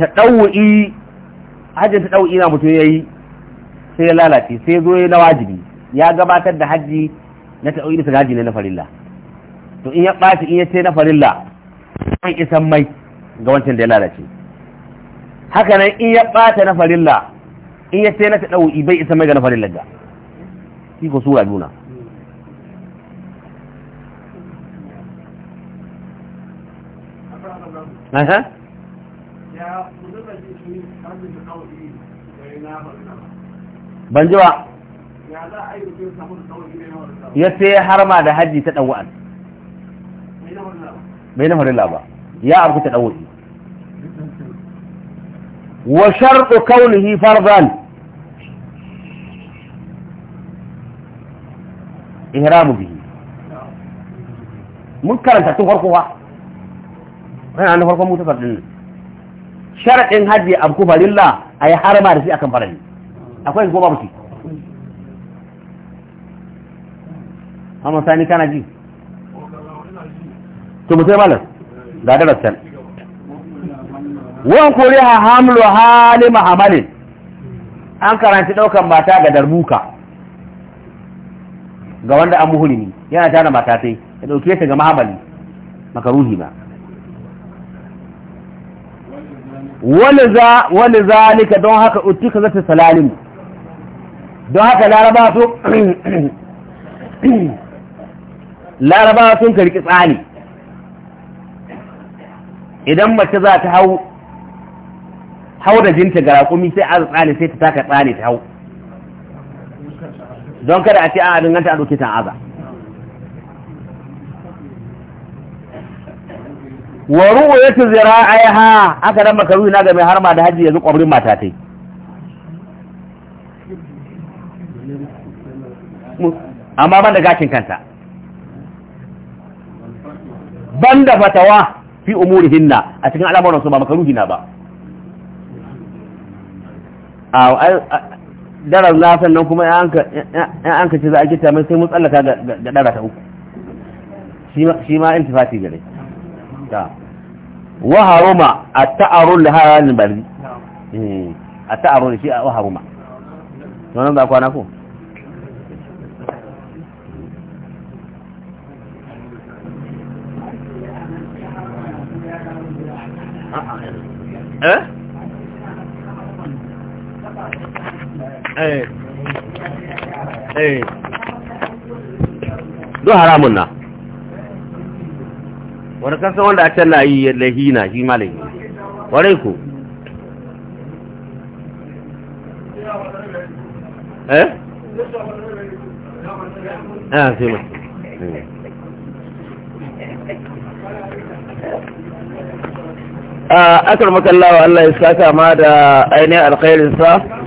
taɗawu'i hajjin ɗau'i na mutum ya yi sai ya lalace sai zo ya na wajibi ya gabatar da hajji na taɗawu'i bisa hajji ne na farilla to in ya ɓaci in ya ce na farilla an isan mai ga wancan da ya lalace haka nan in ya ɓata na farilla in ya ce na ta ɗau'i bai isan mai ga na farilla ga shi ko sura juna Uh-huh. ban ji ba ya ce ma da hajji ta ɗawa'an bai na farilla ba ya abu ta ɗawa'i wa sharɗu kaunihi farzan ihramu bihi mun karanta tun farko ba ana na farkon mutu fardin sharaɗin hajji a ku la a yi harama da shi akan farari akwai ko babu shi amma sani kana ji to mutai da ga darasan wan ha hamlu halima amalin an karanci daukan mata ga darbuka ga wanda an muhulimi yana tana mata sai ya dauke ta ga mahabali makaruhi ba wani zalika don haka utuka zata salalim don haka laraba su laraba sun karki tsani idan mace za ta hau hau da jinta ga raƙumi sai a tsani sai ta taka tsani ta hau don kada a ce a ganta a dokitan ta aza wa ruwayatu zira'iha aka dan makaru na ga mai harma da haji yanzu kwabrin mata tai amma ban da gashin kanta ban da fatawa fi umurihinna a cikin al'amuran wasu ba makaruhi na ba a darar lafan nan kuma ya an kaci za a gita mai sai mu tsallaka ga dara ta uku shi ma intifati gare Yeah. wa a ta'arun taarul haran barri a ta'arun taarul shi wa haruma wannan da kwana ko eh eh eh do haramun na wani kasan wanda a can na yi lahina shi ma warai ku eh ah sai ma a ah, akar makallawa Allah ya saka ma da ainihin alkhairinsa